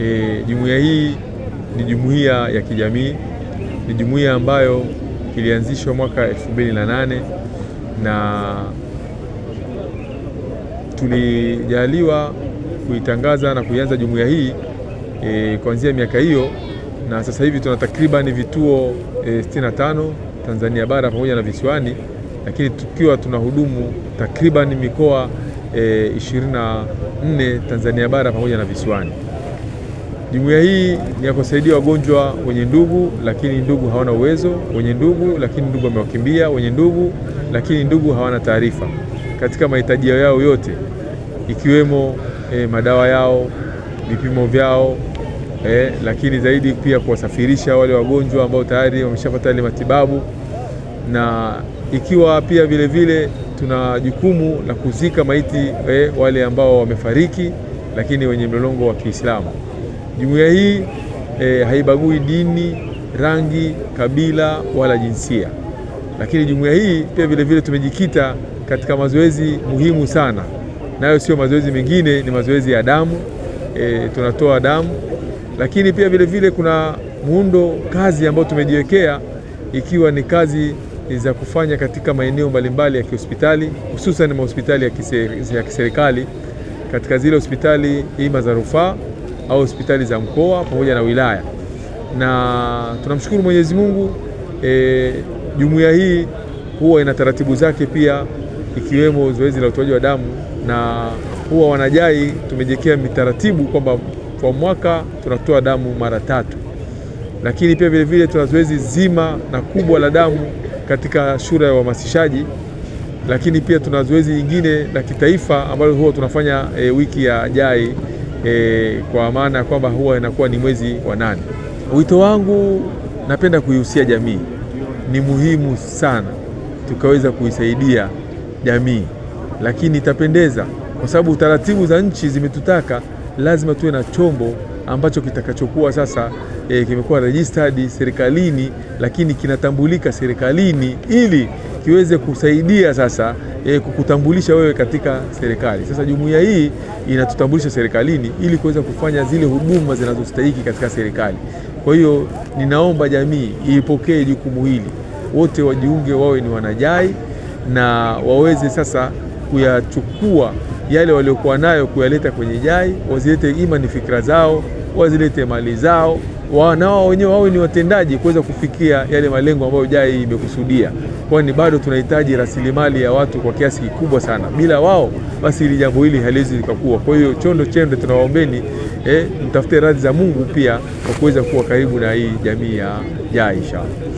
E, jumuiya hii ni jumuiya ya kijamii, ni jumuiya ambayo ilianzishwa mwaka 2008 na tulijaliwa kuitangaza na kuianza jumuiya hii e, kuanzia miaka hiyo, na sasa hivi tuna takriban vituo e, 65 Tanzania bara pamoja na visiwani, lakini tukiwa tunahudumu takriban mikoa e, 24 Tanzania bara pamoja na visiwani. Jumuiya hii ni ya kusaidia wagonjwa wenye ndugu lakini ndugu hawana uwezo, wenye ndugu lakini ndugu wamewakimbia, wenye ndugu lakini ndugu hawana taarifa katika mahitaji yao yote ikiwemo e, madawa yao, vipimo vyao e, lakini zaidi pia kuwasafirisha wale wagonjwa ambao tayari wameshapata ile matibabu, na ikiwa pia vile vile tuna jukumu la kuzika maiti e, wale ambao wamefariki lakini wenye mlolongo wa Kiislamu. Jumuiya hii e, haibagui dini, rangi, kabila wala jinsia. Lakini jumuiya hii pia vile vile tumejikita katika mazoezi muhimu sana, nayo sio mazoezi mengine, ni mazoezi ya damu e, tunatoa damu. Lakini pia vile vile kuna muundo kazi ambayo tumejiwekea ikiwa ni kazi za kufanya katika maeneo mbalimbali ya kihospitali hususan mahospitali ya kiserikali, katika zile hospitali ima za rufaa au hospitali za mkoa pamoja na wilaya, na tunamshukuru Mwenyezi Mungu e, jumuiya hii huwa ina taratibu zake pia ikiwemo zoezi la utoaji wa damu na huwa wanajai tumejekea mitaratibu kwamba kwa mwaka tunatoa damu mara tatu, lakini pia vilevile tuna zoezi zima na kubwa la damu katika shura ya uhamasishaji, lakini pia tuna zoezi lingine la kitaifa ambalo huwa tunafanya e, wiki ya jai e, kwa maana ya kwamba huwa inakuwa ni mwezi wa nane. Wito wangu napenda kuihusia jamii, ni muhimu sana tukaweza kuisaidia jamii, lakini itapendeza kwa sababu taratibu za nchi zimetutaka lazima tuwe na chombo ambacho kitakachokuwa sasa e, kimekuwa registered serikalini, lakini kinatambulika serikalini ili kiweze kusaidia sasa e, kukutambulisha wewe katika serikali. Sasa jumuiya hii inatutambulisha serikalini ili kuweza kufanya zile huduma zinazostahiki katika serikali. Kwa hiyo ninaomba jamii iipokee jukumu hili, wote wajiunge, wawe ni wanajai na waweze sasa kuyachukua yale waliokuwa nayo kuyaleta kwenye jai, wazilete ima ni fikra zao, wazilete mali zao wanao wenyewe wawe ni watendaji kuweza kufikia yale malengo ambayo JAI imekusudia, kwani bado tunahitaji rasilimali ya watu kwa kiasi kikubwa sana. Bila wao, basi hili jambo hili haliwezi likakua. Kwa hiyo Chondo chende tunawaombeni eh, mtafute radhi za Mungu pia kwa kuweza kuwa karibu na hii jamii ya JAI inshallah.